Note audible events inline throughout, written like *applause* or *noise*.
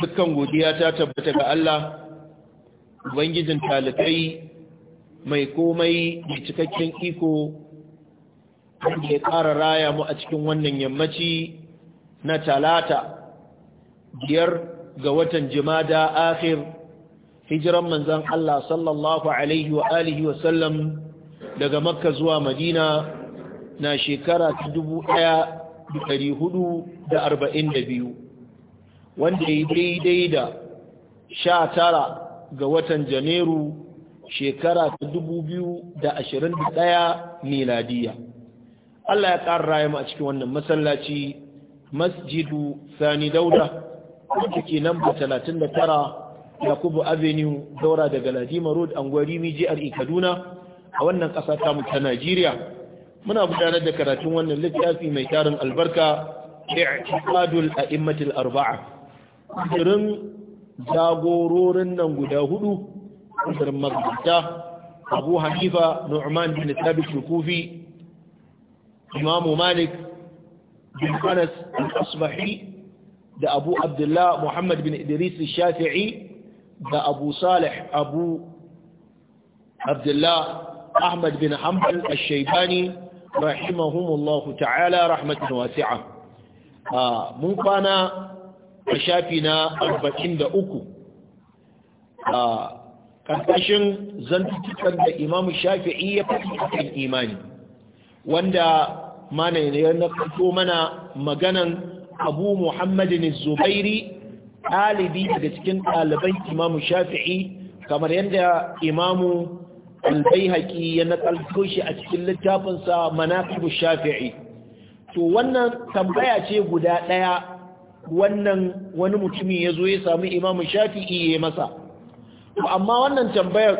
dukkan godiya ta tabbata ga Allah ubangijin talibai mai komai mai cikakken iko wanda ya ƙara raya mu a cikin wannan yammaci na talata biyar ga watan jimada akhir hijiran manzan Allah sallallahu alaihi wa alihi wa sallam daga makka zuwa madina na shekara ta biyu. wanda ya daidai da sha tara ga watan janairu shekara ta dubu biyu da ashirin da ɗaya miladiya Allah ya ƙara raya mu a cikin wannan masallaci masjidu sani dauda wanda ke nan ba talatin da tara yakubu avenue daura daga ladima road angwari jihar kaduna a wannan ƙasa tamu ta najeriya muna gudanar da karatun wannan littafi mai tarin albarka a a'immatul arba'a kudurin jagororin nan guda hudu kudurin magabata abu hanifa nu'man bin tabi shukufi kufi imam malik bin anas al-asbahi da abu abdullah muhammad bin idris shafii da abu salih abu abdullah ahmad bin hanbal al-shaybani rahimahumullahu ta'ala rahmatan wasi'a ah, mun kwana a shafi na 43 a ƙarƙashin zantukan da imamu shafi'i ya fi a kan imani wanda mana ya na fito mana maganan abu muhammadin zubairi ɗalibi daga cikin ɗaliban imamu shafi'i kamar yadda imamu albaihaki ya nakalto shi a cikin littafinsa manaqibu shafi'i to wannan tambaya ce guda ɗaya wannan wani mutumin ya zo ya sami imamu shafi'i ya masa amma wannan tambayar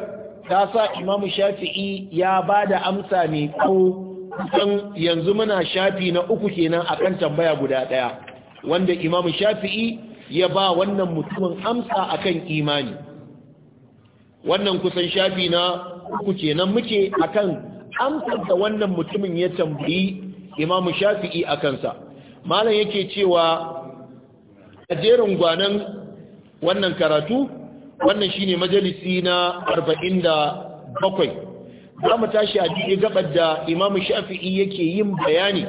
ta sa imamu shafi'i ya ba da amsa ne ko kusan yanzu muna shafi na uku kenan akan tambaya guda ɗaya wanda imamu shafi'i ya ba wannan mutumin amsa akan imani wannan kusan shafi na uku kenan muke akan amsar da wannan mutumin ya tambayi imamu shafi'i a kansa malam yake cewa a jerin gwanan wannan karatu wannan shine majalisi na arba'in 47 za mu tashi a jiki gabar da imamu shafi'i yake yin bayani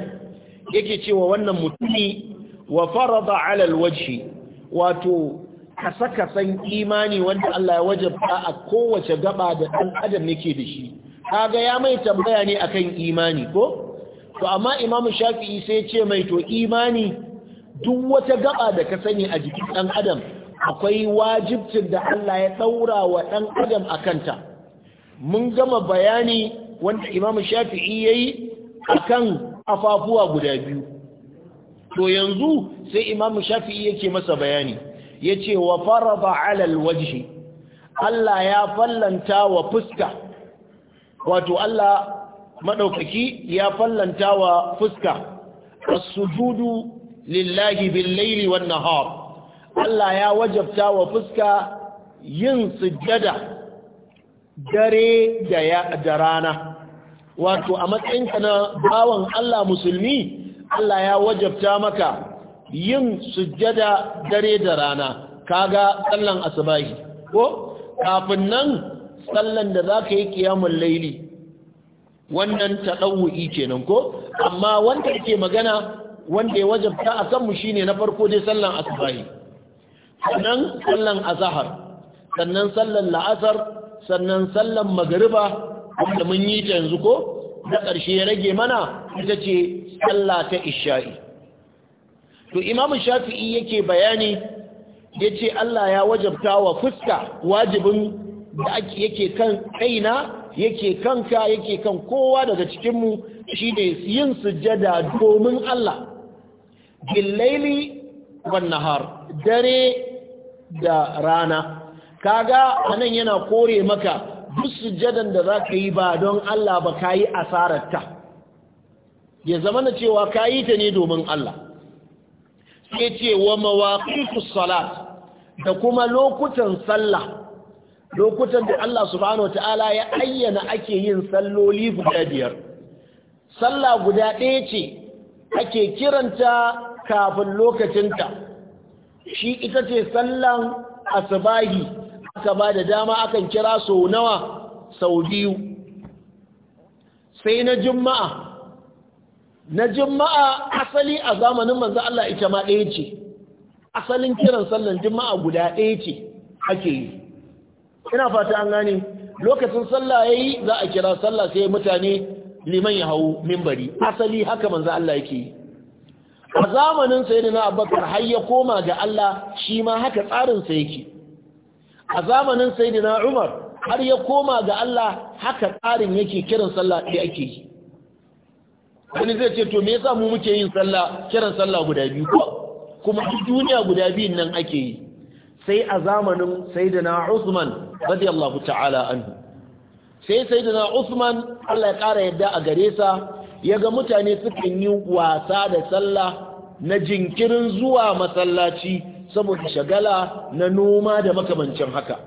yake cewa wannan mutumi wa farada alal waje. wato kasakasan imani wanda Allah ya wajabta a kowace gaba da ɗan adam yake da shi kaga ya mai tambaya ne akan imani ko to amma imamu shafi'i sai ya ce mai to imani duk wata gaba da ka sani a jikin ɗan adam akwai wajibcin da Allah ya ɗaura wa ɗan adam a kanta mun gama bayani wanda imam shafi'i ya yi a kan afafuwa guda biyu to yanzu sai imam shafi'i yake masa bayani ya ce wa fara ba alal waje. Allah ya fallanta wa fuska wato Allah maɗaukaki ya fallanta wa fuska asujudu sujudu lillahi laili wan nahar Allah ya wajabta wa fuska yin sujjada dare da rana wato a matsayinka na bawan Allah musulmi Allah ya wajabta maka yin sujjada dare da rana kaga sallan asubahi ko kafin nan sallan da zaka yi kiyamul laili wannan tadawu'i kenan ko amma wanda yake magana wanda ya wajabta a kanmu shine na farko dai sallan asubahi sannan sallan azahar sannan sallan la'asar sannan sallan magariba wanda mun yi ta yanzu ko na ƙarshe ya rage mana ita ce sallah ta isha'i to imamu shafi'i yake bayani ya ce Allah ya wajabta wa fuska wajibin da yake kan kaina yake kanka yake kan kowa daga cikinmu shi ne yin sujjada domin Allah billaili wan nahar dare da rana kaga anan yana kore maka duk sujjadan da za ka yi ba don Allah ba ka yi asararta ya zama na cewa ka yi ta ne domin Allah sai ce wa mawaƙiƙus salat da kuma lokutan sallah lokutan da Allah subhanahu ta'ala ya ayyana ake yin salloli guda biyar sallah guda ɗaya ce ake kiranta kafin lokacinta shi ita ce sallan asibahi, aka ba da dama akan kira sau nawa sau biyu sai na juma'a na juma'a asali a zamanin manzo Allah ita ma ɗaya ce asalin kiran sallan juma'a guda ɗaya ce ake yi ina fata an gane lokacin sallah yayi za a kira sallah sai mutane liman ya hau minbari asali haka manzo Allah yake yi a zamanin na abubakar har ya koma ga Allah shi ma haka tsarin yake a zamanin na umar har ya koma ga Allah haka tsarin yake kiran sallah da ake yi wani zai ce to me yasa mu muke yin sallah kiran sallah guda biyu ko kuma duniya guda biyun nan ake yi sai a zamanin sayyidina Usman radiyallahu ta'ala anhu sai sayyidina Usman Allah ya kara yadda a gare sa ya ga mutane sukan yi wasa da sallah na jinkirin zuwa masallaci saboda shagala na noma da makamancin haka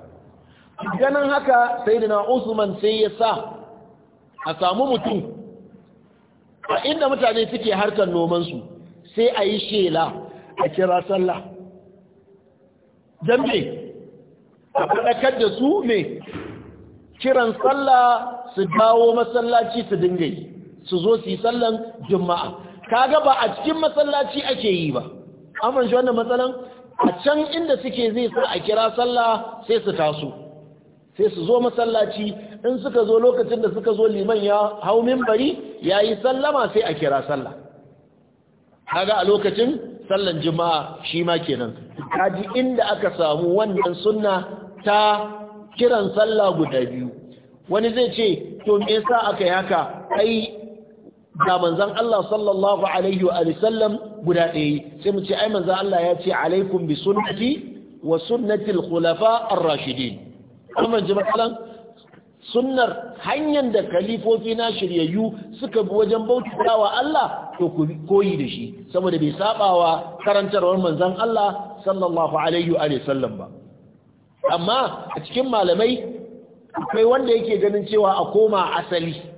ganin haka sai da na usman sai ya sa a samu mutum a inda mutane suke harkar nomansu sai a yi shela a kira sallah jambe a faɗakar da su ne kiran sallah su dawo masallaci su dinga su zo su yi sallan juma'a kaga ba a cikin masallaci ake yi ba amman shi wannan matsalan a can inda suke zai sa a kira sallah sai su taso sai su zo masallaci in suka zo lokacin da suka zo liman ya hau minbari yi sallama sai a kira sallah kaga a lokacin sallan juma'a shi ma kenan kaji inda aka samu wannan sunna ta kiran sallah guda biyu wani zai ce to me yasa aka yi haka ai da manzon Allah sallallahu alaihi wa sallam guda ɗaya sai mu ce ai manzan Allah ya ce alaikum bi sunnati wa sunnati al-khulafa ar-rashidin kuma ji matsalan sunnar hanyar da kalifofi na shiryayyu suka bi wajen bautawa Allah to ku koyi da shi saboda bai sabawa karantarwar manzon Allah sallallahu alaihi wa sallam ba amma a cikin malamai akwai wanda yake ganin cewa a koma asali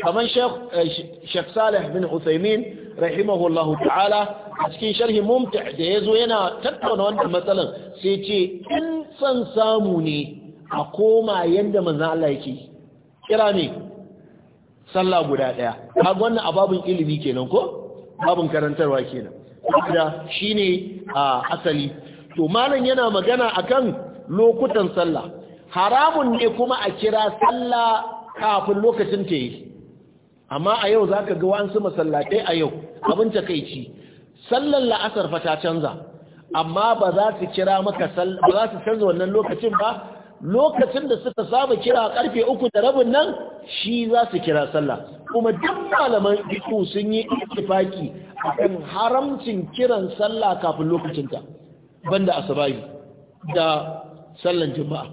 kamar shek Salih bin usaimin rahimahullahu ta'ala a cikin sharhi mumta' da ya zo yana tattauna wannan matsalan sai ce in san samu ne a koma yadda manzan Allah yake kira ne salla guda daya ba wannan ababun ilimi kenan ko babun karantarwa kenan da shine a asali to malam yana magana akan lokutan sallah haramun ne kuma a kira sallah kafin lokacin ta yi amma a yau za zaka ga wa'ansu masallatai a yau abin takaici. sallar la'asar fa ta canza amma ba za su kira maka ba za su canza wannan lokacin ba lokacin da suka saba kira karfe uku da rabin nan shi za su kira sallah kuma duk malaman iku sun yi ittifaki akan haramcin kiran sallah kafin lokacinta banda asubahi da sallan juma'a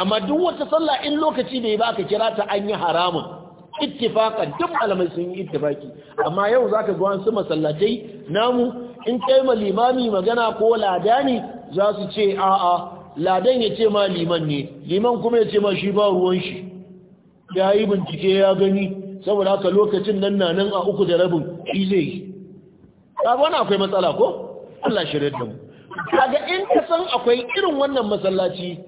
amma duk wata sallah in lokaci bai ba ka kira ta an yi haramun ittifaka duk malamai sun yi ittifaki amma yau zaka ga wasu masallatai namu in kai ma limami magana ko ladani za su ce a'a ladan ya ce ma liman ne liman kuma ya ce ma shi ba ruwan shi ya yi bincike ya gani saboda haka lokacin nan na nan a uku da rabin shi zai yi kaga wani akwai matsala ko Allah shirya da mu kaga in ka san akwai irin wannan masallaci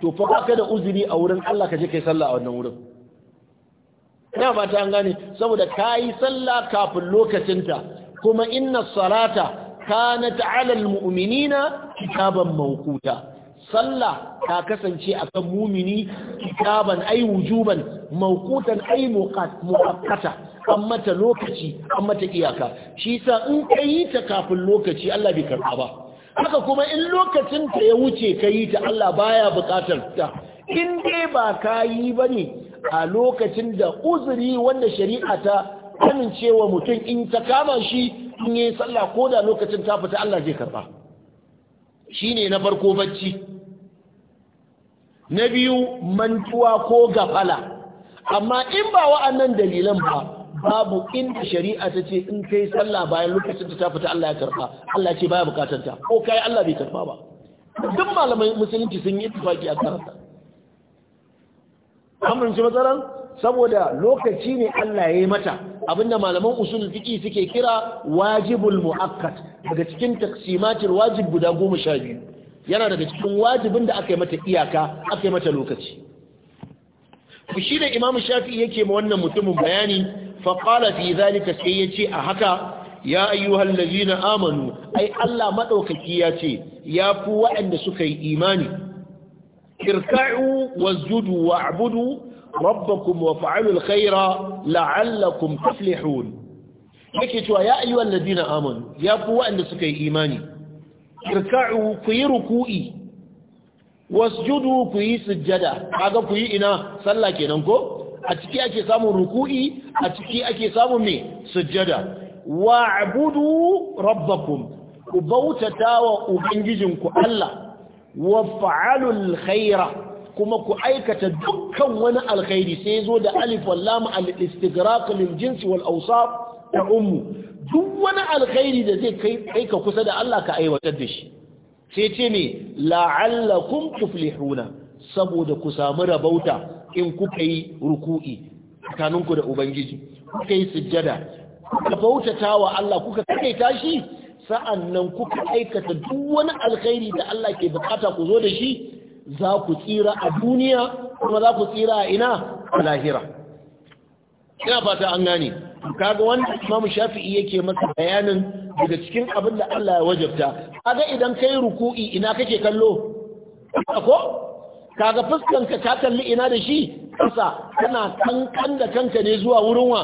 to fa ka da uzuri a wurin Allah ka je kai sallah a wannan wurin ina ba ta gane saboda ka yi sallah kafin lokacinta kuma inna salata kanat ala muminina kitaban mawquta sallah ta kasance akan mumini kitaban ai wujuban mawqutan ai muqatta an mata lokaci an mata iyaka shi yasa in ka yi ta kafin lokaci Allah bai karɓa ba haka kuma in lokacin ta ya wuce ka yi ta Allah baya buƙatar ta in dai ba ka yi ba ne a lokacin da uzuri wanda shari'a ta amincewa mutum in ta kama shi in yi sallah ko da lokacin ta fita Allah zai karba ne na farko bacci na biyu mantuwa ko gafala amma in ba wa'annan dalilan ba babu inda shari'a ta ce in kai sallah bayan lokacin ta fita Allah ya karba Allah ce baya bukatanta ko kai Allah bai karba ba duk malamai musulunci sun yi tafaki a karanta amince ci saboda lokaci ne Allah ya yi mata abinda malaman usul fiqi suke kira wajibul mu'akkad daga cikin taksimatul wajib guda goma sha biyu yana daga cikin wajibin da aka yi mata iyaka aka yi mata lokaci shi da imam shafi yake ma wannan mutumin bayani fa qala fi zalika sai yace a haka ya ayyuhal ladina amanu ai Allah madaukaki yace ya ku waɗanda suka yi imani irka'u wasjudu wa'budu rabbakum wa fa'alul khaira la'allakum tuflihun yake cewa ya ayyuhal ladina amanu ya ku wa'anda suka yi imani irka'u ku yi ruku'i wasjudu ku yi sujjada kaga ku yi ina sallah kenan ko a ciki ake samun ruku'i a ciki ake samun me sujjada wa'budu rabbakum ku bautata wa ubangijinku Allah wafa'alul khaira kuma ku aikata dukkan wani alkhairi sai zo da alif wallam al-istighraq jinsi wal da ta duk wani alkhairi da zai kai aika kusa da Allah ka aiwatar da shi sai ce me la'allakun tuflihuna saboda ku samu rabauta in kuka yi ruku'i tsakaninku da ubangiji kuka yi sujjada kuka bautata wa Allah kuka kai shi? sa'an nan kuka aikata duk wani alkhairi da Allah ke bukata ku zo da shi za ku tsira a duniya kuma za ku tsira a ina a lahira ina fata an gane kaga wanda mamu shafi'i yake masa bayanin daga cikin abin da Allah ya wajabta kaga idan kai ruku'i ina kake kallo ko kaga fuskanka ka kalli ina da shi kasa kana kankan da kanka ne zuwa wurin wa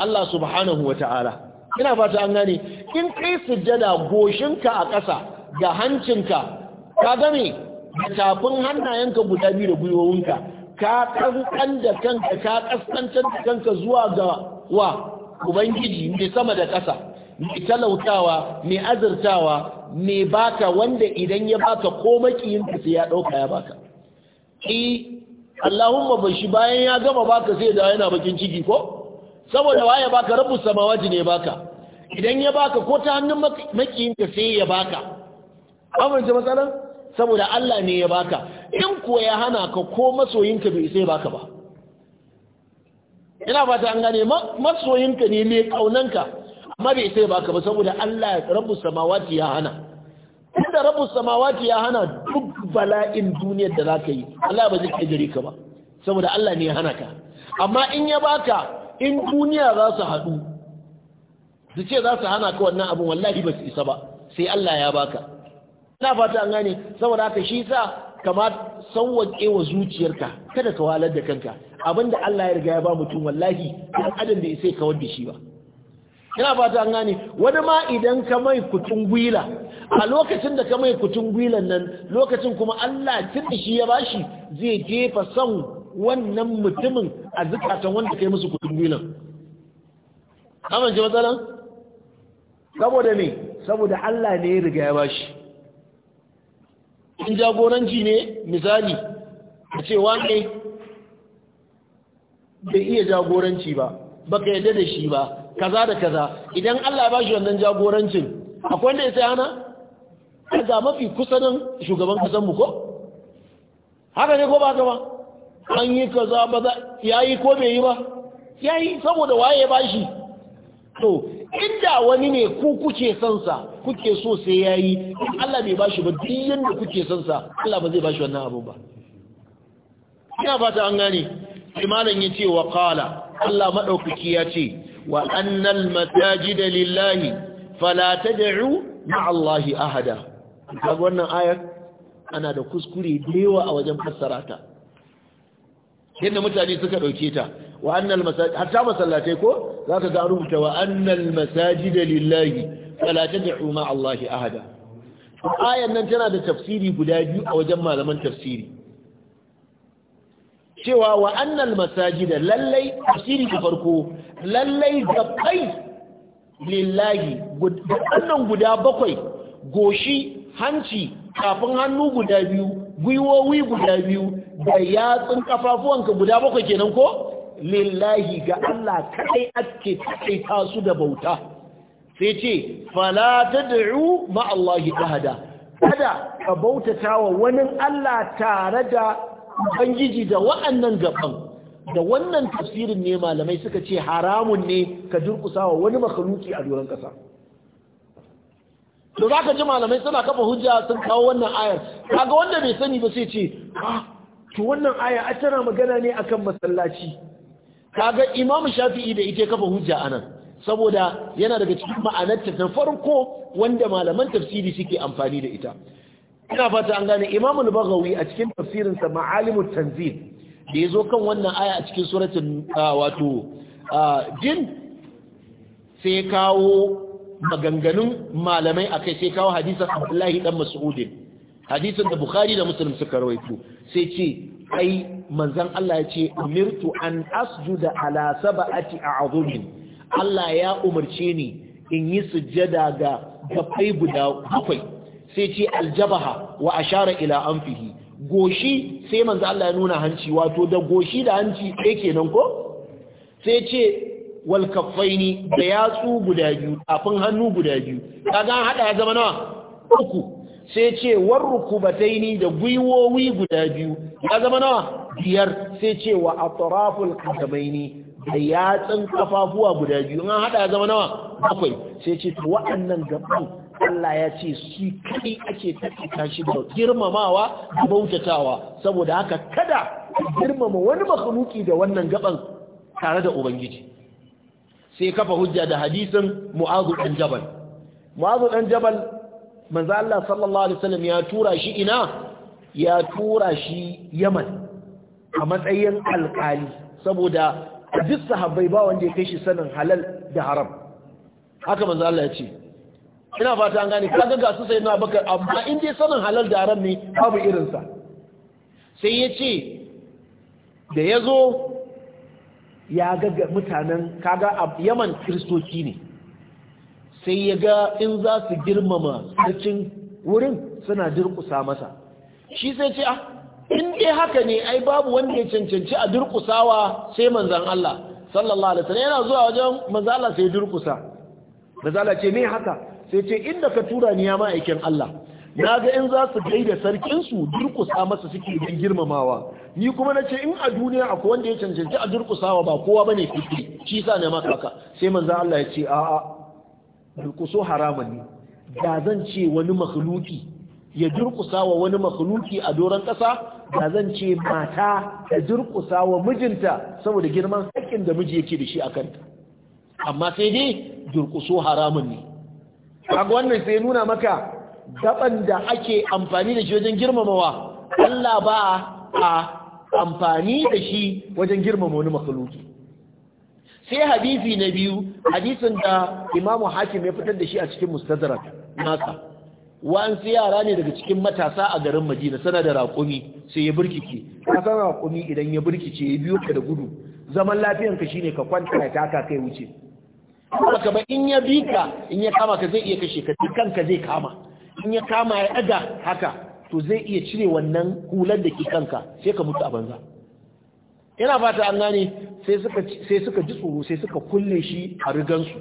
Allah subhanahu wata'ala ina fata an gane in kai sujjada goshinka a ƙasa da hancinka ka gane da tafin hannayenka guda biyu da gwiwowinka ka kankan da kanka ka kaskantar da kanka zuwa ga wa ubangiji mai sama da ƙasa mai talautawa mai azurtawa mai baka wanda idan ya baka ko makiyinka sai ya ɗauka ya baka eh, Allahumma bashi bayan ya gama baka sai da yana bakin ciki ko saboda waye baka rabbus samawati ne baka idan ya baka ko ta hannun ka sai ya baka ji matsalan saboda Allah ne ya baka in kuwa ya hana ka ko masoyinka bai sai baka ba ina fata an gane masoyinka ne mai kaunanka amma bai sai baka ba saboda Allah rabbus samawati ya hana inda rabbus samawati ya hana duk bala'in duniyar da zaka yi Allah ba zai kai gare ka ba saboda Allah ne ya hana ka amma in ya baka in duniya za su haɗu su ce za su hana ka wannan abin wallahi ba su isa ba sai Allah ya baka ina fata an gane saboda haka shi sa kamar sauwaƙe wa zuciyarka kada ka walar da kanka abinda Allah ya riga ya ba mutum wallahi dan adam da sai kawar da shi ba ina fata an gane wani ma idan ka mai kutun gwila a lokacin da ka mai kutun gwilan nan lokacin kuma Allah tun shi ya bashi zai jefa san wannan mutumin a zukatan wanda kai musu kudin gwinan amince matsalan saboda ne saboda Allah ne ya riga ya bashi in jagoranci ne misali a ce wane bai iya jagoranci ba baka yadda da shi ba kaza da kaza idan Allah ya bashi wannan jagorancin akwai wanda ya sai hana ga mafi kusanin shugaban kasanmu ko haka ne ko ba ka ba an yi kaza ba za ya yi ko bai yi ba ya yi saboda waye ba shi to inda wani ne ku kuke sansa kuke so sai ya yi Allah bai ba shi ba duk yadda kuke sansa Allah ba zai ba shi wannan abu ba ina fata an gane imanin ya ce wa kala Allah maɗaukaki ya ce wa annal masajida lillahi fala tad'u ma'allahi ahada kaga wannan ayar ana da kuskure da yawa a wajen fassara ta yadda mutane suka ɗauke ta wa annal masajid hatta masallatai ko za ka ga rubuta wa annal da lillahi fala tad'u ma Allah ahada ayan nan tana da tafsiri guda biyu a wajen malaman tafsiri cewa wa annal masajida lallai tafsiri ta farko lallai gabbai lillahi wannan guda bakwai goshi hanci kafin hannu guda biyu gwiwowi guda biyu da yatsun kafafuwanka guda bakwai kenan ko lillahi ga Allah kai ake taita su da bauta sai ce fala tad'u ma Allah ahada kada ka bautata wa wani Allah tare da ubangiji da wa'annan gaban da wannan tafsirin ne malamai suka ce haramun ne ka durkusa wa wani makhluki a doron kasa to zaka ji malamai suna kafa hujja sun kawo wannan ayar kaga wanda bai sani ba sai ce ah to wannan aya a tana magana ne akan masallaci kaga imamu shafi'i da ita kafa hujja anan saboda yana daga cikin ma'anarta ta farko wanda malaman tafsiri suke amfani da ita ina fata an gane imamu al a cikin tafsirinsa ma'alimut tanzil da yazo kan wannan aya a cikin suratul wato jin sai kawo maganganun malamai akai sai kawo hadisin Abdullahi dan Mas'udin hadisin da bukhari da muslim suka rawaito sai ce ai manzon Allah ya ce umirtu an asjuda ala sab'ati a'zumin Allah ya umarce ni in yi sujjada ga gafai guda bakwai sai ce aljabaha wa ashara ila anfihi goshi sai manzo Allah ya nuna hanci wato da goshi da hanci sai kenan ko sai ce wal kaffaini da yatsu guda biyu kafin hannu guda biyu kaga hada ya zama nawa uku sai ce warruku bataini da gwiwowi guda biyu ya zama nawa biyar sai ce wa atraful qadamaini da yatsun kafafuwa guda biyu an hada ya zama nawa bakwai sai ce to waɗannan gaban Allah ya ce shi kai ake tattaka shi da girmamawa da bautatawa saboda haka kada girmama wani makhluki da wannan gaban tare da ubangiji sai kafa hujja da hadisin mu'azu dan jabal mu'azu dan jabal manzo Allah sallallahu alaihi wasallam ya tura shi ina ya tura shi Yaman a matsayin alƙali saboda duk sahabbai ba wanda ya kai shi sanin halal da haram haka manzo Allah ya ce ina fata an gane kaga ga su sai na baka amma in dai sanin halal da haram ne babu irin sa sai ya ce da yazo ya ga mutanen kaga Yaman kristoci ne sai ya ga in za su girmama sarkin wurin suna durkusa masa shi sai ce ah in dai haka ne ai babu wanda ya cancanci a durkusawa sai manzan Allah sallallahu alaihi wasallam yana zuwa wajen manzala sai durkusa manzala ce me haka sai ce inda ka tura ni ya ma'aikin Allah na ga in za su gaida sarkin su durkusa masa suke yin girmamawa ni kuma na ce in a duniya akwai wanda ya cancanci a durkusawa ba kowa bane fiti shi sa ne maka haka sai manzan Allah ya ce a'a durkuso haramun ne da zan ce wani makhluki ya durkusa wa wani makhluki a doron ƙasa da zan ce mata ya durkusa wa mijinta saboda girman haƙƙin da miji yake da shi a kanta amma sai dai durkuso haramun ne kaga wannan sai nuna maka daban da ake amfani da shi wajen girmamawa Allah ba a amfani da shi wajen girmama wani makhluki sai hadisi na biyu hadisin da imamu hakim ya fitar da shi a cikin mustadrak nasa sai yara ne daga cikin matasa a garin madina sana da raƙumi sai ya birkike. ka san raƙumi idan ya birkice ya biyo ka da gudu zaman lafiyanka shine ka kwanta ka taka kai wuce baka ba in ya bi ka in ya kama ka zai iya kashe ka kanka zai kama in ya kama ya ɗaga haka to zai iya cire wannan hular da ke kanka sai ka mutu a banza ina fata an gane sai suka ji tsoro sai suka kulle shi a rigansu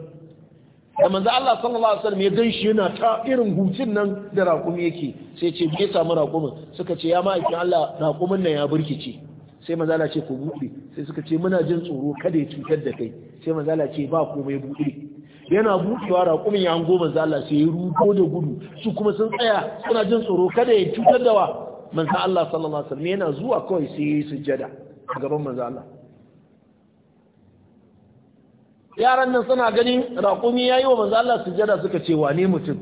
da manzo Allah sallallahu alaihi wasallam ya gan yana ta irin hucin nan da raƙumi yake sai ce me samu raƙumin suka ce ya ma'aikin Allah raƙumin nan ya burkice sai manzo Allah ce ku buɗe sai suka ce muna jin tsoro kada ya cutar da kai sai manzo Allah ce ba komai buɗe yana buɗewa raƙumin ya hango manzo Allah sai ya ruko da gudu su kuma sun tsaya suna jin tsoro kada ya cutar da wa manzo Allah sallallahu alaihi wasallam yana zuwa kawai sai ya sujjada a gaban manzo Allah yaran nan suna ganin raƙumi yayi wa manzo Allah sujada suka ce wane mutum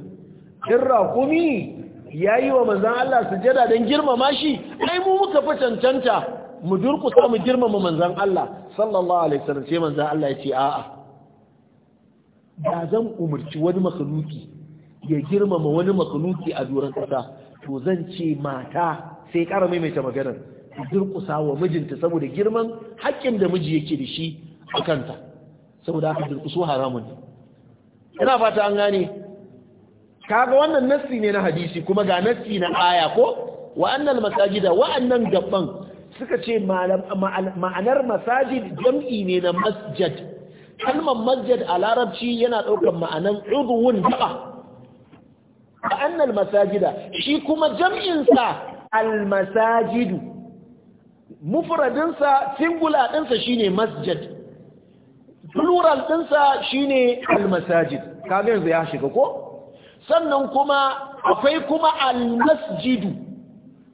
in raƙumi yayi wa manzo Allah sujada dan girmama shi ai mu muka fi cancanta mu durkusa mu girmama manzo Allah sallallahu alaihi wasallam sai manzo Allah ya ce a'a da zan umurci wani makhluki ya girmama wani makhluki a duran kasa to zan ce mata sai ƙara maimaita maganar durƙusa wa mijinta saboda girman haƙƙin da miji yake da shi a kanta saboda haka durkusu haramun ina fata an gane kaga wannan nassi ne na hadisi kuma ga nassi na aya ko wa'annan masajida wa'annan gaban suka ce ma'anar masajid jam'i ne na masjid kalmar masjid a larabci yana ɗaukar ma'anar udwun daba wa'annan masajida shi kuma jam'insa almasajidu mufradinsa singular ɗinsa shine masjid plural ɗinsa shine almasajid kaga yanzu ya shiga ko sannan kuma akwai kuma almasjidu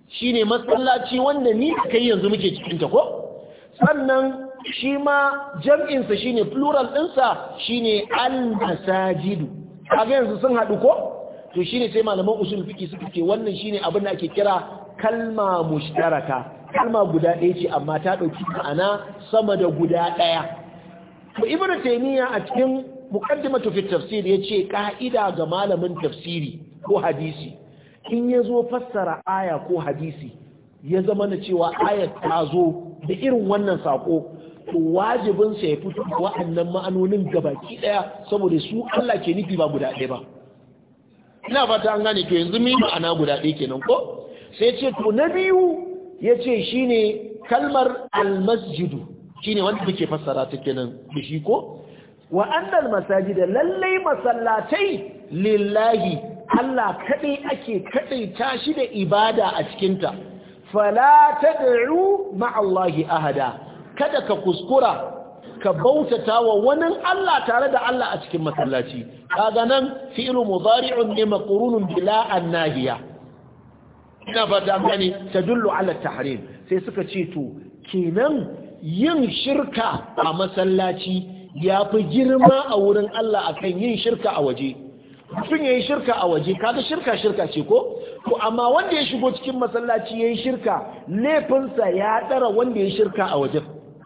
shine masallaci wanda ni kai yanzu muke cikin ta ko sannan shi ma jam'insa shine plural ɗinsa shine almasajidu kaga yanzu sun haɗu ko to shine sai malaman usul fiqi suke wannan shine abin da ake kira kalma mushtaraka kalma guda ɗaya ce amma ta ɗauki ma'ana sama da guda ɗaya to ibn taymiya a cikin muqaddimatu fi tafsir ce, ka'ida ga malamin tafsiri ko hadisi in ya zo fassara aya ko hadisi ya zama na cewa 'aya ta zo da irin wannan sako to wajibin sa ya fito wa'annan ma'anonin gabaki ɗaya saboda su Allah ke nufi ba guda ɗaya ba ina fata an gane to yanzu mi ma'ana guda ɗaya kenan ko sai ce to na biyu ya ce shi ne kalmar almasjidu shi ne wanda muke fassara ta kenan da shi ko wa annal masajida lallai masallatai lillahi Allah kaɗai ake ta tashi da ibada a cikinta fala tad'u ma'allahi ahada kada ka kuskura ka bautata wa wani Allah tare da Allah a cikin masallaci kaga nan fi'lu mudari'un ne maqrunun bila annahiya ina ba ta ta dullu ala tahrim sai suka ce to kenan yin shirka a masallaci ya fi girma a wurin Allah akan yin shirka a waje mutum ya yi shirka a waje kaga shirka shirka ce ko to amma wanda ya shigo cikin masallaci ya yi shirka laifinsa ya tsara wanda ya shirka a waje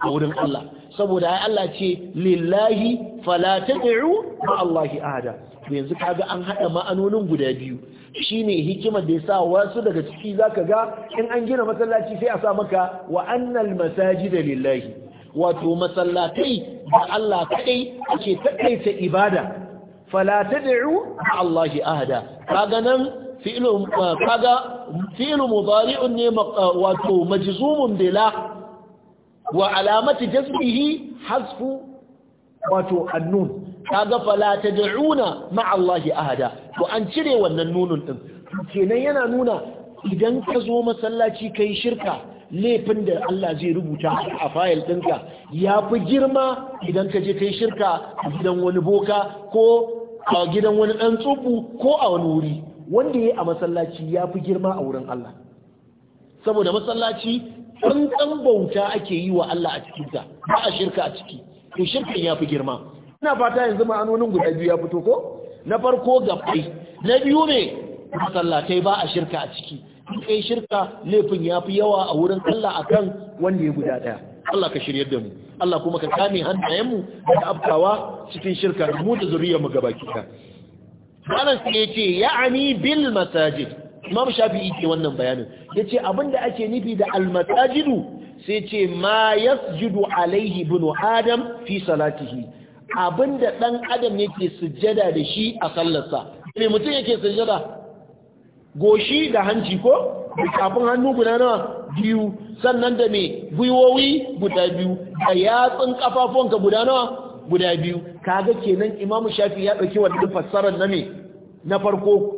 a wurin Allah saboda ya Allah ce lillahi fala tad'u ma Allah ahada yanzu kaga an haɗa ma'anonin guda biyu shine hikimar da yasa wasu daga ciki zaka ga in an gina masallaci sai a sa maka wa annal masajida lillahi wato masallatai da Allah kadai ake takaita ibada fala tad'u Allah ahada kaga nan fi'lu kaga fi'lu mudari'un ne wato majzumun bila wa alamati jazmihi hasfu wato annun kaga fala tad'una ma'a ma'allahi ahada to an cire wannan nunun din kenan yana nuna idan ka zo masallaci kai shirka laifin da Allah zai rubuta a fayil ɗinka ya fi girma idan ka je kai shirka a gidan wani boka ko a gidan wani ɗan tsubu ko a wani wuri wanda ya a masallaci ya fi girma a wurin Allah saboda masallaci ɗan bauta ake yi wa Allah a cikinta ba a shirka a ciki to shirkan ya fi girma ina fata yanzu ma'anonin guda biyu ya fito ko na farko gabai na biyu ne masallatai ba a shirka a ciki kai shirka laifin ya fi yawa a wurin Allah kan wanda ya guda daya Allah ka shirya da mu Allah kuma ka kame hannayenmu da afkawa cikin shirka mu da zuriyarmu gaba kika? Malam sai yace ya'ani bil masajid Imam Shafi'i ke wannan bayanin yace abinda ake nufi da al masajidu sai ce ma yasjudu alaihi ibn adam fi salatihi Abin da ɗan adam yake sujjada da shi a sallarsa me mutum yake sujjada goshi da hanci ko kafin hannu guda nawa biyu sannan da mai gwiwowi guda biyu da yatsun kafafunka guda nawa guda biyu kaga kenan imamu shafi ya ɗauki wannan fassarar na me na farko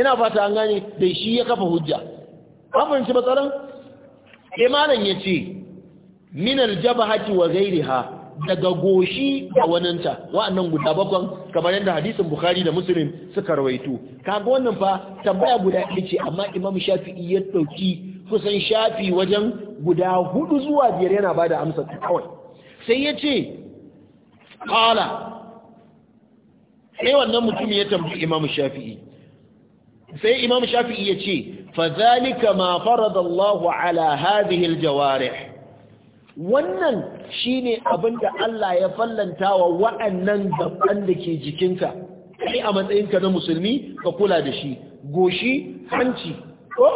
ina fata an gane da shi ya kafa hujja abin shi matsalan imanin ya ce minar jaba haki wa ha daga goshi a waninta wa'annan guda bakon kamar yadda hadisin bukari da musulun suka rawaito kaga wannan fa tambaya guda ɗaya ce amma imam shafi'i ya ɗauki kusan shafi wajen guda hudu zuwa biyar yana ba da amsa kawai sai ya ce ƙala sai wannan mutum ya tambayi imam shafi'i sai imam shafi'i ya ce fa fazalika ma faradallahu ala hadhihi al-jawarih wannan shine abin da Allah ya fallanta wa waɗannan gaban da ke jikinka kai a matsayinka na musulmi ka kula da shi goshi hanci ko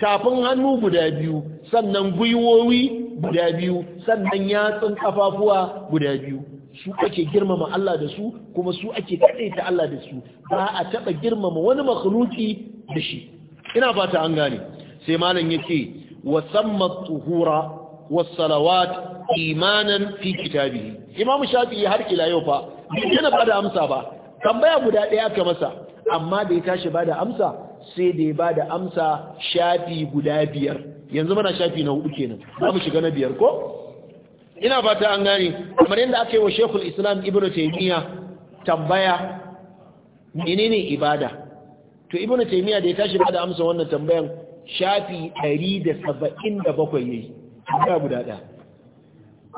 tafin hannu guda biyu sannan gwiwowi guda biyu sannan yatsun kafafuwa guda biyu su ake girmama Allah da su kuma su ake kaɗaita Allah da su ba a taɓa girmama wani makhluki da shi ina fata an gane sai malam yake wasan tuhura والصلوات imanan في كتابه إمام الشافعي har kila yau fa yana bada amsa ba tambaya guda ɗaya aka masa amma da ya tashi bada amsa sai da ya bada amsa shafi guda biyar yanzu muna shafi na hudu kenan za mu shiga na biyar ko ina fata an gane kamar yadda aka yi wa Sheikhul Islam Ibn Taymiyyah tambaya menene ibada to Ibn Taymiyyah da ya tashi bada amsa wannan tambayan shafi bakwai yayi guda guda ɗaya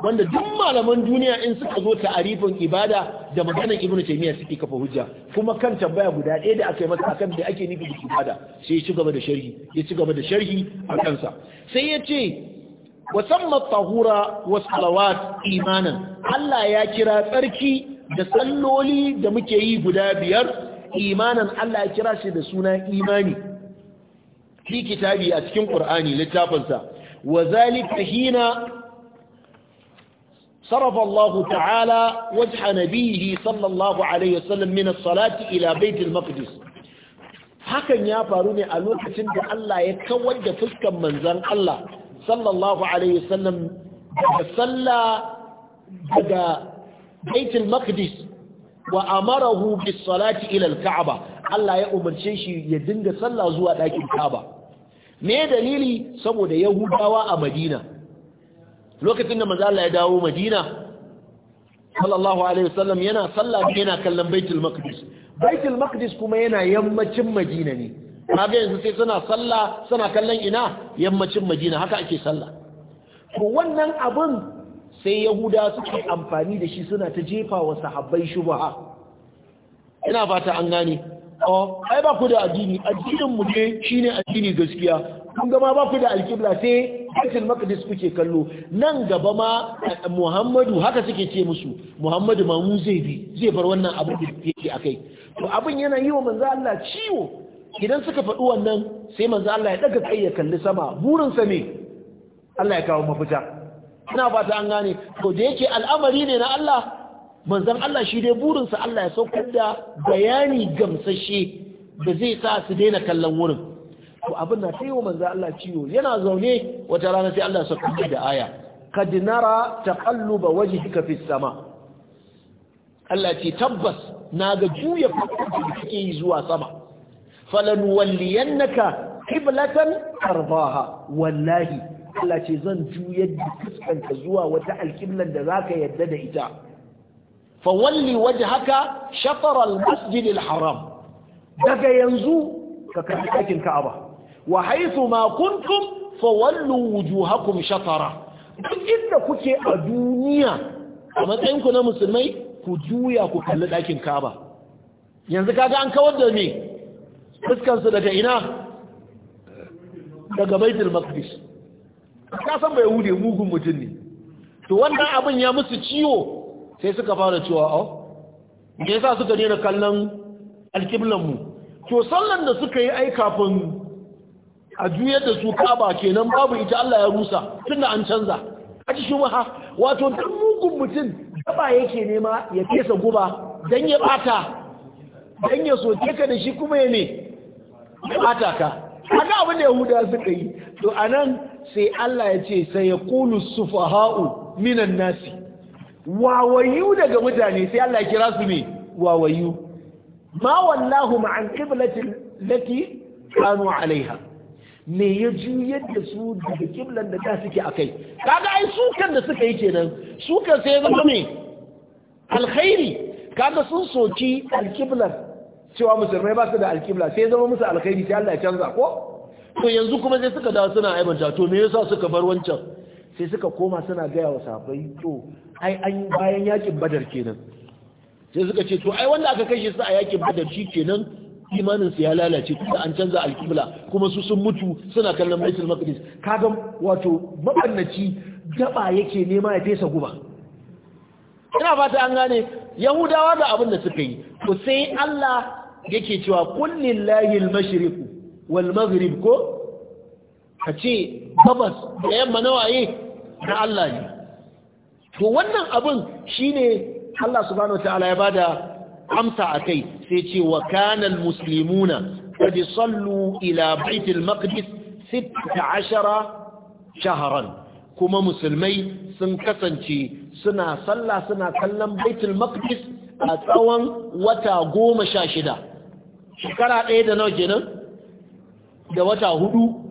wanda duk malaman duniya in suka zo ta'arifin ibada da maganar ibnu taymiya suke kafa hujja kuma kan tambaya guda ɗaya da aka yi masa akan da ake nufi ibada sai ya ci gaba da sharhi ya ci gaba da sharhi a kansa sai ya ce wa samma tahura wa salawat imanan Allah ya kira tsarki da salloli da muke yi guda biyar imanan Allah ya kira shi da suna imani fi kitabi a cikin Qur'ani littafinsa وذلك حين صرف الله تعالى وجه نبيه صلى الله عليه وسلم من الصلاة إلى بيت المقدس hakan ya faru ne a lokacin da Allah ya kawar da fuskan manzan Allah sallallahu alaihi wasallam daga sallah daga baitul maqdis wa amarahu bis salati ila al-ka'ba Allah ya umarce shi ya dinga sallah zuwa dakin Ka'aba me dalili saboda yahudawa a madina lokacin da mazala ya dawo madina sallallahu alaihi wasallam yana sallah yana kallon baitul maqdis baitul maqdis kuma yana yammacin madina ne kaga yanzu sai suna sallah suna kallon ina yammacin madina haka ake sallah to wannan abin sai yahuda suke amfani da shi suna ta jefa wa sahabbai shubha ina fata an gane ai ba ku da addini addinin mu ne shine addini gaskiya kun ga ma ba ku da alkibla sai Baitul Maqdis kuke kallo nan gaba ma eh, Muhammadu haka suke ce musu Muhammadu ma mu zai bi zai bar wannan abu da yake akai to abin yana yi wa manzo Allah ciwo idan suka faɗi wannan sai manzo Allah ya daga kai ya kalli sama burin sa ne Allah ya kawo mafita ina fata an gane to da yake al'amari ne na Allah manzan Allah shi dai burinsa Allah ya saukar da bayani gamsashe da zai sa su daina kallon wurin to abin na wa manzan Allah ciwo yana zaune wata rana sai Allah ya saukar da aya kad nara taqalluba wajhika fi sama Allah ce tabbas naga juya fuskar da kake yi zuwa sama falanwalliyannaka qiblatan tardaha wallahi Allah ce zan juyar da fuskanka zuwa wata alƙiblan da zaka yadda da ita fawalli waje haka shafarar masjidil haram daga yanzu ka karbi ɗakin ka'aba wa haithu ma kuntum fawallu wujuhakum shafara duk inda kuke a duniya a matsayinku na musulmai ku juya ku kalli ɗakin ka'aba yanzu kaga an kawar da me fuskansu daga ina daga baitul maqdis ka san bai hude mugun mutum ne to wannan abin ya musu ciwo sai suka fara cewa au oh, me yasa suka daina kallon alkiblan mu to sallan da suka yi aika kafin a juyar da su kaba kenan babu ita Allah ya rusa tunda an canza a ci wato duk mugun mutum gaba yake nema ya fesa guba dan ya bata dan ya soke ka da shi kuma ya ne ya bata ka haka abin da yahuda suka yi to anan sai Allah ya ce sai ya kulu sufaha'u minan nasi wawayu daga mutane sai Allah kira su ne wawayu ma wallahu ma'an qiblatin lati kanu alaiha me ya juyar da su daga kiblan da ta suke akai kaga ai sukan da suka yi kenan sukan sai zama me alkhairi kaga sun soki alkiblar cewa musulmai ba su da alkibla sai zama musu alkhairi sai Allah ya canza ko to yanzu kuma sai suka dawo suna aibanta to me yasa suka bar wancan sai suka koma suna gaya wa sahabbai to ai an bayan yakin badar kenan sai suka ce to ai wanda aka kashe su a yakin badar shi kenan imanin su ya lalace da an canza alkibla kuma su sun mutu suna kallon baitul maqdis kaga wato mabannaci gaba yake nema ya fesa guba ina fata an gane yahudawa da abin da suka yi to sai Allah yake cewa kullillahi al-mashriq wal maghrib ko kace gabas da yamma nawaye na Allah ne to wannan abin shine Allah subhanahu wataala ya bada amsa akai sai ce wa kana almuslimuna qad sallu ila bait almaqdis 16 shahran kuma musulmai sun kasance suna sallah suna kallon baitul maqdis a tsawon wata goma sha shida shekara ɗaya da nawa kenan da wata hudu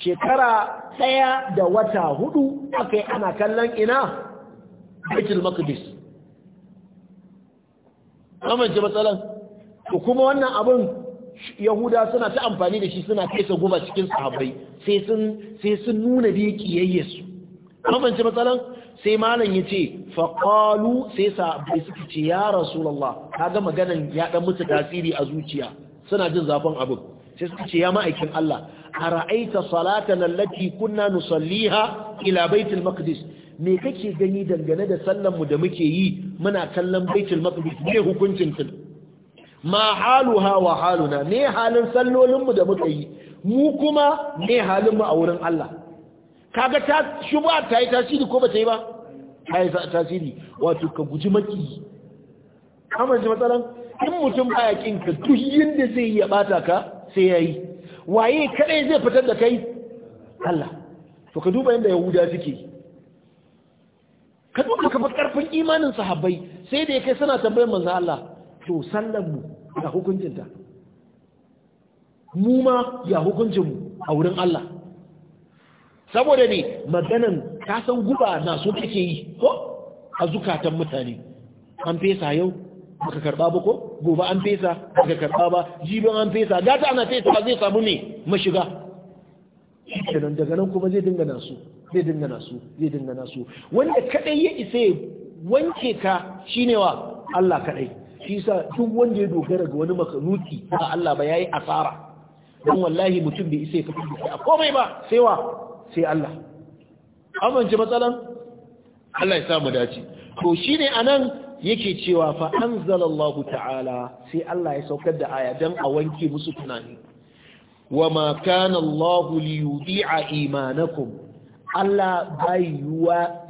shekara ɗaya da wata hudu aka ana kallon ina baitul maqdis amince matsalan to kuma wannan abin yahuda suna ta amfani da shi suna kesa guba cikin sahabbai sai sun sai sun nuna da kiyayye su amince matsalan sai malam ya ce qalu sai sahabbai suka ce ya rasulullah kaga maganan ya dan mutu tasiri a zuciya suna jin zafin abin sai suka ce ya ma'aikin Allah A ra'aita salata allati kunna nusalliha ila baitul maqdis me kake gani dangane da sallan mu da muke yi muna kallon baitul maqdis me hukuncin tun. ma haluha wa haluna me halin sallolin mu da muka yi mu kuma me halin mu a wurin Allah kaga ta shuba ta yi tasiri ko ba ta yi ba ta yi tasiri wato ka guji maki kamar ji matsalan in mutum baya kinka duk yadda zai iya bata ka sai ya waye kadai zai fitar da kai Allah to ka duba yadda yahuda suke ka duba kamar karfin imanin sahabbai sai da ya kai suna tambayar manzo Allah to sallanmu ga hukuncinta mu ma ya hukuncinmu a wurin Allah saboda ne maganan san guba na so kake yi ko a zukatan mutane an fesa yau baka karba ba ko gobe an fesa baka karba ba jibin an fesa gata ana fesa ba zai samu ne mashiga kenan daga nan kuma zai dinga nasu zai dinga nasu zai dinga nasu wanda kadai ya isa ya wanke ka shine wa Allah kadai shi yasa duk wanda ya dogara ga wani makaruki ba Allah ba yayi asara dan wallahi mutum bai isa ya kafa a komai ba sai wa sai Allah amince matsalan Allah ya samu dace to shine nan. yake cewa fa anzalallahu ta'ala sai Allah ya saukar da aya dan a wanke musu tunani wa ma kana Allahu li yudi'a imanakum Allah bai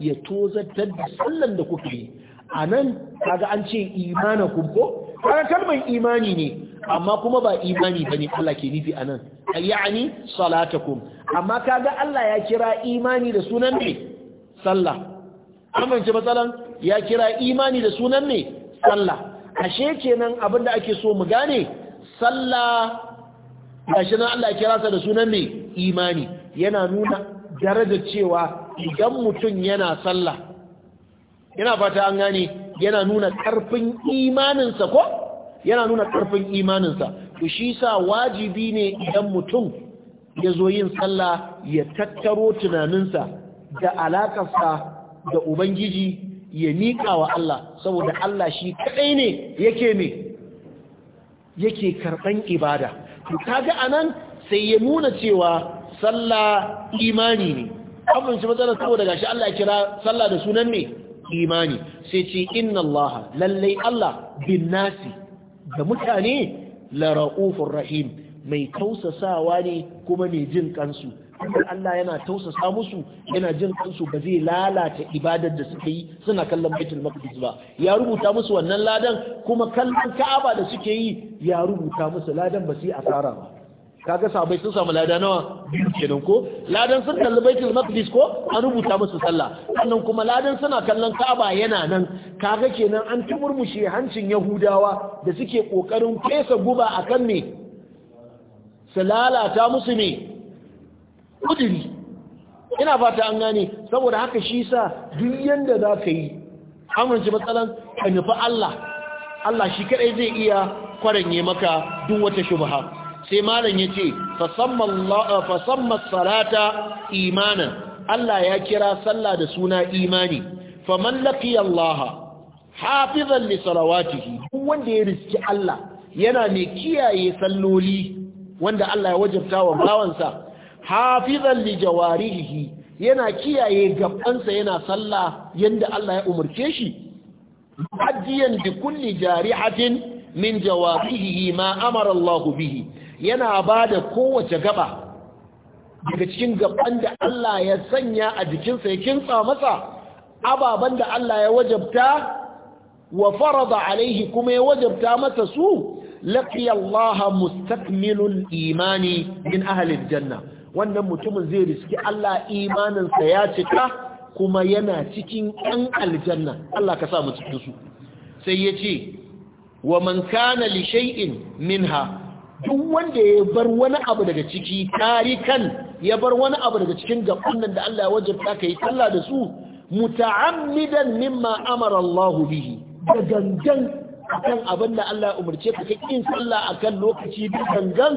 ya tozartar da sallan da kuke yi anan kaga an ce imanakum ko kaga kalmar imani ne amma kuma ba imani bane Allah ke nufi anan yani salatakum amma kaga Allah ya kira imani da sunan ne sallah amince matsalan ya kira imani da sunan ne sallah ashe kenan abin da ake so mu gane sallah gashi nan Allah ya kira sa da sunan ne imani yana nuna darajar cewa idan mutum yana sallah yana fata an gane yana nuna karfin imaninsa ko yana nuna karfin sa to shi sa wajibi ne idan mutum ya zo yin sallah ya tattaro tunaninsa da alakarsa da ubangiji ya miƙa wa Allah saboda Allah shi kaɗai ne yake me yake karɓan ibada a anan sai ya nuna cewa sallah imani ne abin shi matsalar saboda gashi Allah ya kira sallah da sunan ne imani sai ce inna Allah lallai Allah bin nasi da mutane la ra'ufur rahim mai tausasawa ne kuma mai jin kansu kuma Allah yana tausasa musu yana jin kansu ba zai lalata ibadar da suke yi suna kallon baitul maqdis ba ya rubuta musu wannan ladan kuma kallon ka'aba da suke yi ya rubuta musu ladan ba su yi asara ba kaga sahabbai sun samu lada nawa kenan ko ladan sun kalli baitul maqdis ko an rubuta musu sallah sannan kuma ladan suna kallon ka'aba yana nan kaga kenan an tumurmushe hancin yahudawa da suke kokarin fesa guba akan me su lalata musu ne kudiri ina fata an gane saboda haka shi sa duk yadda za ka yi amince matsalan ka nufi Allah Allah shi kadai zai iya kwaranye maka duk wata shubha sai malam ya fa samma salata imanin Allah ya kira sallah da suna imani faman laqiya Allah hafizan li salawatihi duk wanda ya riski Allah yana mai kiyaye salloli wanda Allah ya wajabta wa bawansa hafizan li jawarihi yana kiyaye gabansa yana sallah yanda Allah ya umurce shi hajjiyan bi kulli jarihatin min jawarihi ma amara Allah bihi yana bada kowace gaba daga cikin gaban da Allah ya sanya a jikinsa ya kintsa masa ababan da Allah ya wajabta wa farada alaihi kuma ya wajabta masa su laqiya Allah mustakmilul imani min ahalin janna wannan mutumin zai riski Allah imaninsa ya cika kuma yana cikin ɗan aljanna Allah ka sa mu cikin su sai yace wa man kana li shay'in minha duk wanda ya bar wani abu daga ciki tarikan ya bar wani abu daga cikin gaban nan da Allah ya wajabta kai sallah da su muta'ammidan mimma amara Allah bihi da gangan akan abin da Allah umarce ka kin sallah akan lokaci bi gangan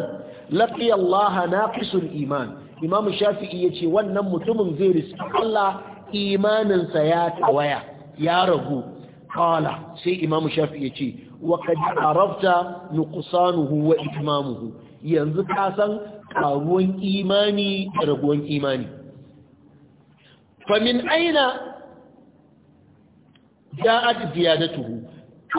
laqi Allah naqisul iman Imam Shafi'i yace wannan mutumin zai riski Allah imaninsa ya tawaya ya ragu qala sai Imam Shafi'i yace wa qad arafta nuqsanuhu wa itmamuhu yanzu ka san karuwan imani da raguwan imani famin aina ja'at ziyadatuhu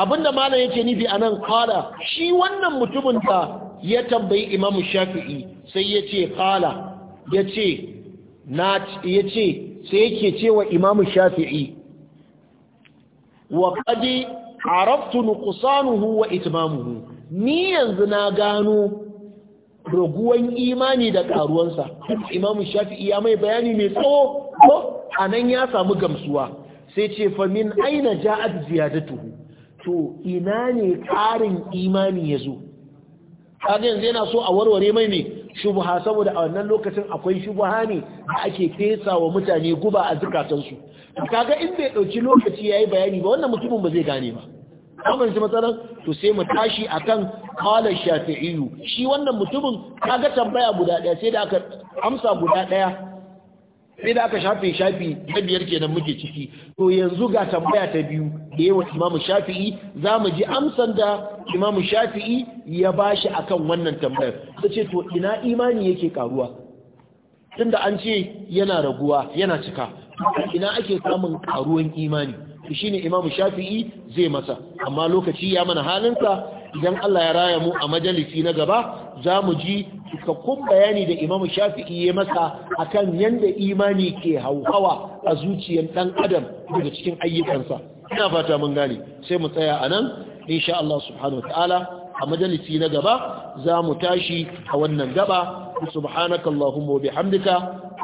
abinda malam yake nufi anan Kala shi wannan mutumin ta ya tambayi imamu shafi'i sai ya ce kala ya ce na ya ce sai yake cewa imamu shafi'i wa qad araftu nuqsanuhu wa itmamuhu ni yanzu na gano raguwan imani da karuwansa imamu shafi'i ya mai bayani mai tso ko nan ya samu gamsuwa sai ce famin min aina ja'at ziyadatuhu to ina ne ƙarin imani ya zo kaga yanzu yana so a warware mai ne shubha saboda a wannan lokacin akwai shubuha ne da ake kesa wa mutane guba a zukatansu kaga in bai ɗauki lokaci yayi bayani ba wannan mutumin ba zai gane ba shi matsalar to sai mu tashi akan qala shafi'i shi wannan mutumin kaga tambaya guda ɗaya, sai da aka amsa guda ɗaya. sai da aka shafe shafi na biyar kenan muke ciki to yanzu ga tambaya ta biyu da yawan imamu shafi'i za mu ji amsan da imamu shafi'i ya ba bashi akan wannan tambayar ta ce to ina imani yake karuwa tunda an ce yana raguwa yana cika ina ake samun karuwan imani shine imamu shafi'i zai masa amma lokaci ya mana halinsa idan Allah ya raya mu a majalisi na gaba za mu ji cikakkun bayani da imamu shafi'i ya masa kan yadda imani ke hauhawa a zuciyar ɗan adam daga cikin ayyukansa ina fata mun gane sai mu tsaya a nan insha Allah subhanahu wa ta'ala a majalisi na gaba za mu tashi a wannan gaba subhanaka allahumma wa bihamdika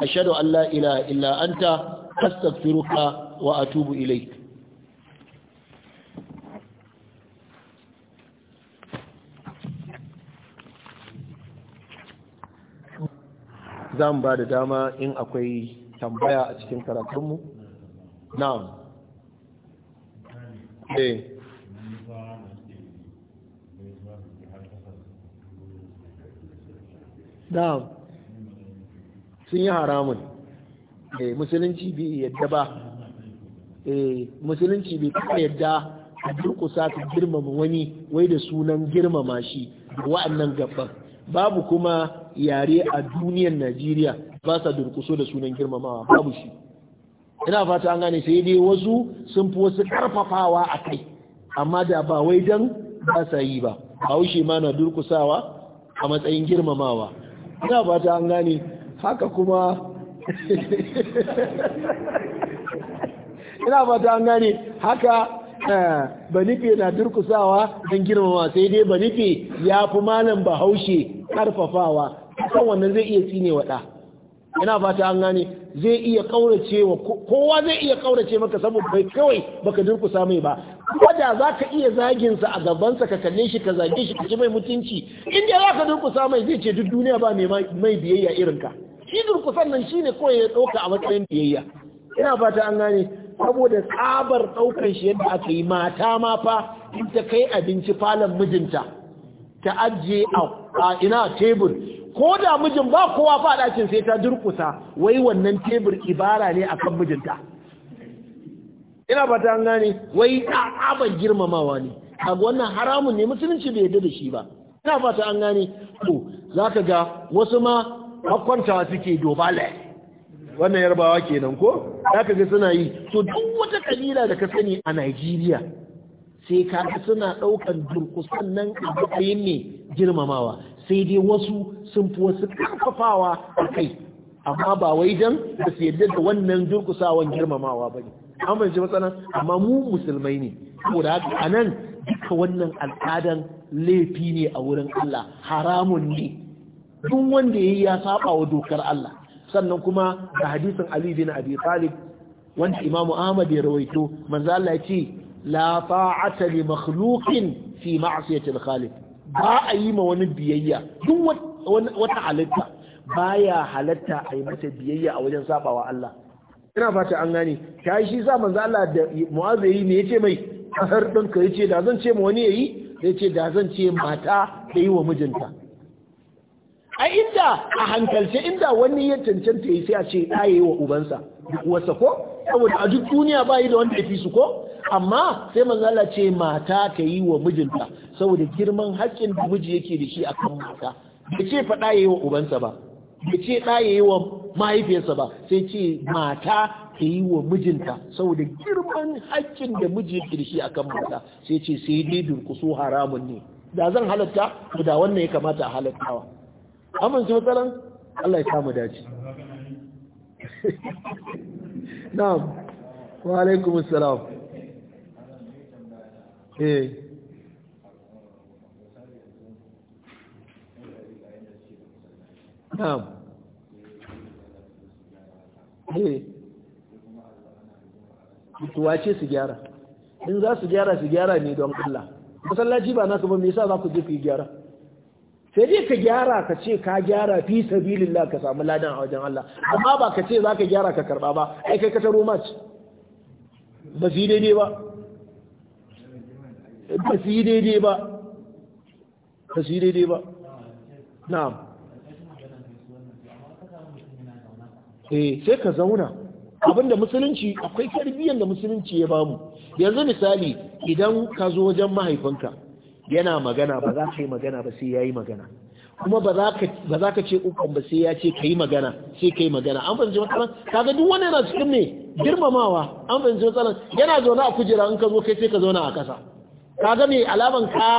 ashhadu an la ilaha illa anta astaghfiruka wa atubu ilayk za mu ba da dama in akwai tambaya a cikin karatunmu na'am eh na'am sun yi haramun eh musulunci bi yadda ba eh musulunci bi ta yadda a durkusa ta girmama wani wai da sunan girmama shi wa'annan gaban babu kuma yare a duniyar Najeriya ba sa durkuso da sunan girmamawa babu shi ina fata an gane sai dai wasu sun fi wasu karfafawa a kai amma da ba wai dan ba sa yi ba haushe ma na durkusawa a matsayin girmamawa ina fata an gane haka kuma *laughs* ina fata an gane haka banife na durkusawa don girmama sai dai banife ya fi malam bahaushe karfafawa kan wannan zai iya tsine wa ɗa ina fata an gane zai iya kaurace wa kowa zai iya kaurace maka saboda bai kawai baka durkusa mai ba ko da za ka iya zaginsa a gabansa ka kalle shi ka zage shi ka ci mai mutunci inda za ka durkusa mai zai ce duk duniya ba mai biyayya irin ka shi durkusan nan shine kawai ya ɗauka a matsayin biyayya ina fata an gane saboda tsabar ɗaukar shi yadda aka yi mata ma fa in ta kai abinci falon mijinta ta ajiye a ina tebur ko da mijin ba kowa fa ɗakin sai ta durkusa wai wannan tebur ibara ne akan mijinta ina ba ta gane wai tsabar girmamawa ne a wannan haramun ne musulunci bai yadda da shi ba ina fata an gane to ka ga wasu ma hakwanta suke dobala wannan yarbawa kenan ko zaka ga suna yi to duk wata kabila da ka sani a Najeriya sai ka suna daukan durkusan nan a matsayin ne girmamawa sai dai wasu sun fi wasu karfafawa a kai amma ba wai dan da su yadda da wannan durkusawan girmamawa ba ne an ji matsala amma mu musulmai ne saboda haka a nan duka wannan al'adan laifi ne a wurin Allah haramun ne duk wanda yayi ya saba wa dokar Allah sannan kuma da hadisin Ali bin Abi Talib wanda Imam Ahmad ya rawaito manzo Allah ya ce la ta'ata li makhluqin fi ma'siyati al-khaliq ba a yi ma wani biyayya duk wata halitta baya halatta a yi mata biyayya a wajen sabawa Allah ina fata an gane ta shi sa manzo Allah da Mu'adh yayi ne yace mai har dan ka yace da zan ce ma wani yayi yace da zan ce mata da yi wa mijinta a inda a hankalce inda wani ya cancanta ya sai a ce ɗaye wa ubansa duk wasa ko saboda a duk duniya bayi da wanda ya fi su ko amma sai manzala ce mata ta yi wa mijinta saboda girman haƙƙin da miji yake da shi akan mata bai ce fa ɗaye wa ubansa ba bai ce ɗaye wa mahaifiyarsa ba sai ce mata ta yi wa mijinta saboda girman haƙƙin da miji yake da shi akan mata sai ce sai dai durkusu haramun ne da zan halatta da wannan ya kamata a halattawa amma ji matsalan Allah ya kama dace na'am wa alaikum assalam eh na'am eh wace su gyara in za su gyara su gyara ne don Allah masallaci ba na kuma me yasa za ku je ku yi gyara sai dai ka gyara ka ce ka gyara fi sabilillah ka samu ladan a wajen Allah amma ba ka ce za ka gyara ka karba ba ai kai ka taro mace ba su yi daidai ba ba su yi daidai ba ba su yi daidai ba na'am eh sai ka zauna abinda musulunci akwai tarbiyyar da musulunci ya bamu yanzu misali idan ka zo wajen mahaifinka yana magana ba za ka yi magana ba sai ya yi magana kuma ba za ka ce ukun ba sai ya ce ka yi magana sai ka yi magana an fahimci matsalan kaga duk wani yana cikin ne girmamawa an fahimci matsalar. yana zaune a kujera in ka zo kai sai ka zauna a kasa kaga mai alaman ka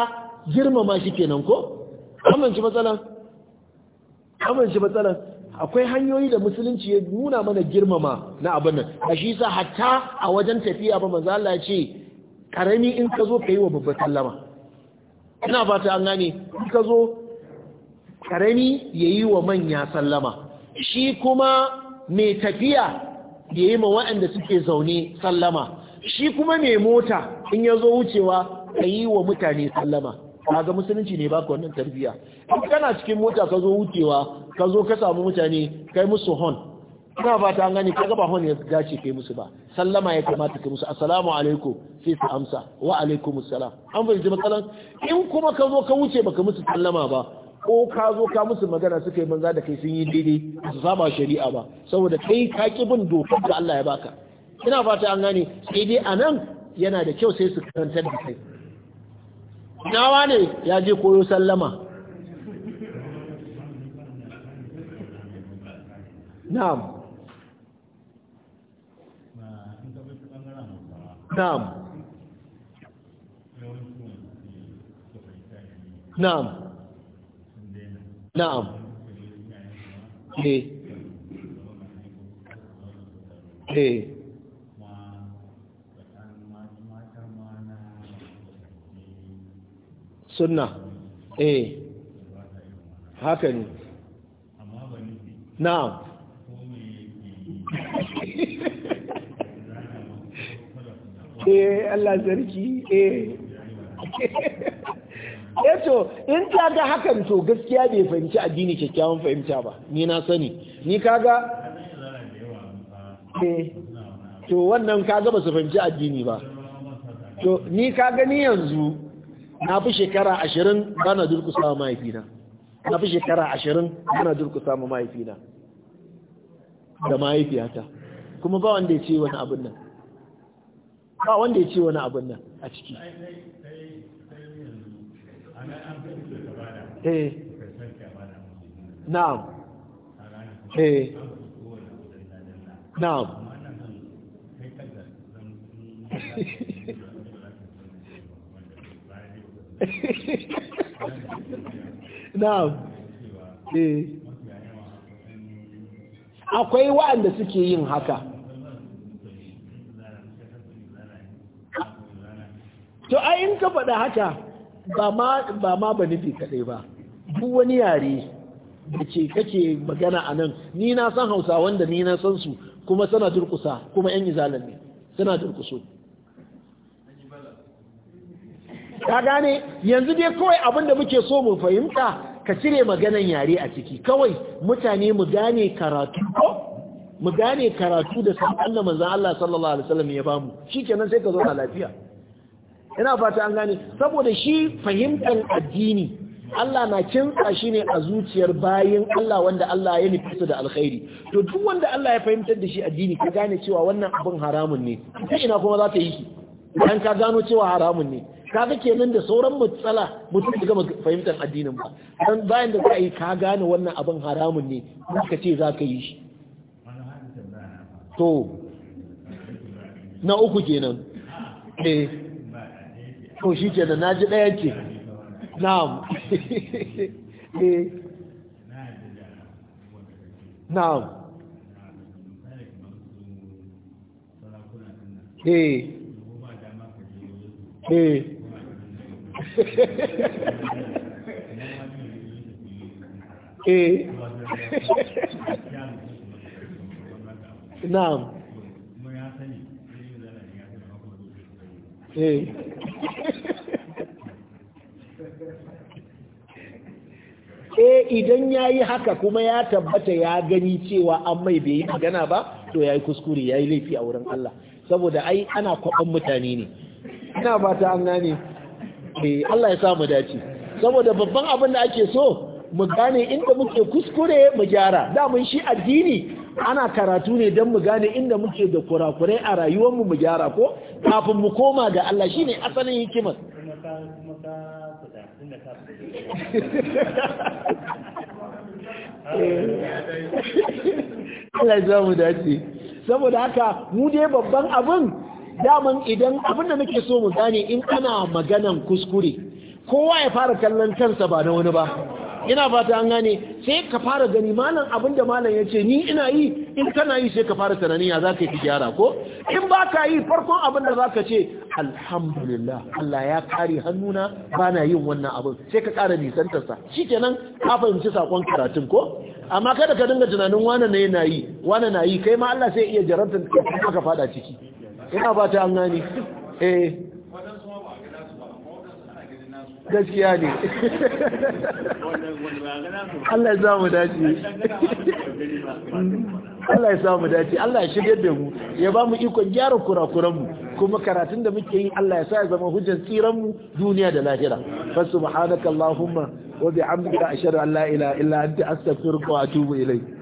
girmama shi kenan ko an fahimci matsalar. an fahimci matsalan akwai hanyoyi da musulunci ya nuna mana girmama na abin nan a shi sa hatta a wajen tafiya ba manzo Allah ya ce karami in ka zo ka yi wa babba sallama ina fata an gane ka zo karami yayi wa manya sallama shi kuma mai tafiya yayi ma waɗanda suke zaune sallama shi kuma mai mota in yazo wucewa kayi wa mutane sallama kaga musulunci ne baka wannan tarbiya in kana cikin mota ka zo wucewa ka zo ka samu mutane kai musu hon ba ba ta gani kaga ba hon ya dace kai musu ba sallama ya kamata kai musu assalamu alaikum sai su amsa wa alaikum assalam an bai ji matsalan in kuma ka zo ka wuce baka musu sallama ba ko ka zo ka musu magana suka yi banza da kai sun yi daidai su saba shari'a ba saboda kai ka ki bin dokar da Allah ya baka ina fata an gane sai dai anan yana da kyau sai su karantar da kai nawa ne ya je koyo sallama na'am na'am na'am na'am eh eh sunna eh haka ne eh Allah sarki eh, *laughs* eh to in ta ga hakan to gaskiya bai fahimci addini kyakkyawan fahimta ba ni na sani ni kaga eh to wannan kaga ba su fahimci addini ba to ni kaga ni yanzu na fi shekara ashirin bana durkusa mahaifina na fi shekara ashirin bana durkusa mahaifina da mahaifiyata kuma ba wanda ya ce wani abin nan ba wanda ya ce wani abin nan a ciki eh na'am eh na'am na'am eh akwai wa'anda suke yin haka to ai in ka faɗa haka ba ma ba nufi kaɗai ba duk wani yare da ce kake magana a nan ni na san hausa wanda ni na san su kuma suna durkusa kuma yan izalan ne suna durkuso ka gane yanzu dai kawai abun da muke so mu fahimta ka cire maganan yare a ciki kawai mutane mu gane karatu mu gane karatu da san Allah manzon Allah sallallahu alaihi wasallam ya bamu kenan sai ka zo lafiya ina fata an gane saboda shi fahimtar addini Allah na kinsa shi ne a zuciyar bayin Allah wanda Allah ya nufi su da alkhairi to duk wanda Allah ya fahimtar da shi addini ka gane cewa wannan abin haramun ne ta ina kuma za ta yi shi idan ka gano cewa haramun ne ka ga kenan da sauran matsala mutum da gama fahimtar addinin ba dan bayan da za yi ka gane wannan abin haramun ne ka ce za ka yi shi to na uku kenan eh to shi ke da na ji ɗaya ke na'am na'am eh eh eh na'am eh *laughs* eh idan ya yi haka kuma ya tabbata ya gani cewa an mai bai yi magana ba to ya yi kuskure ya yi laifi a wurin Allah saboda ai ana kwaɓan mutane ne ina ba ta an gane eh Allah ya sa mu dace saboda babban abin da ake so mu gane inda muke kuskure mu gyara da mun shi addini ana karatu ne don mu gane inda muke da kurakurai a rayuwar mu gyara ko kafin mu koma ga Allah shine asalin hikimar Allah ya mu dace saboda haka mu dai babban abin daman idan abin da nake so mu gane in ana maganan kuskure kowa ya fara kallon kansa ba na wani ba ina fata an gane sai ka fara gani malam da malam ya ce ni ina yi in kana yi sai ka fara sananiya za ka yi gyara ko in ba ka yi farkon abin da za ka ce alhamdulillah Allah ya kare hannuna ba na yin wannan abin sai ka kara nisantarsa shi ke nan ka fahimci sakon karatun ko amma kada ka dinga tunanin wane ne na yi wane na yi kai ma Allah sai iya da ka fada ciki ina fata an gane eh gaskiya ne Allah ya samu dace Allah ya samu dace Allah ya shirye da mu ya ba mu ikon gyara kurakuran mu kuma karatun da muke yi Allah ya sa ya zama hujjar tsiran mu duniya da lahira fa subhanakallahumma wa bihamdika ashhadu an la ilaha illa anta astaghfiruka wa atubu ilayk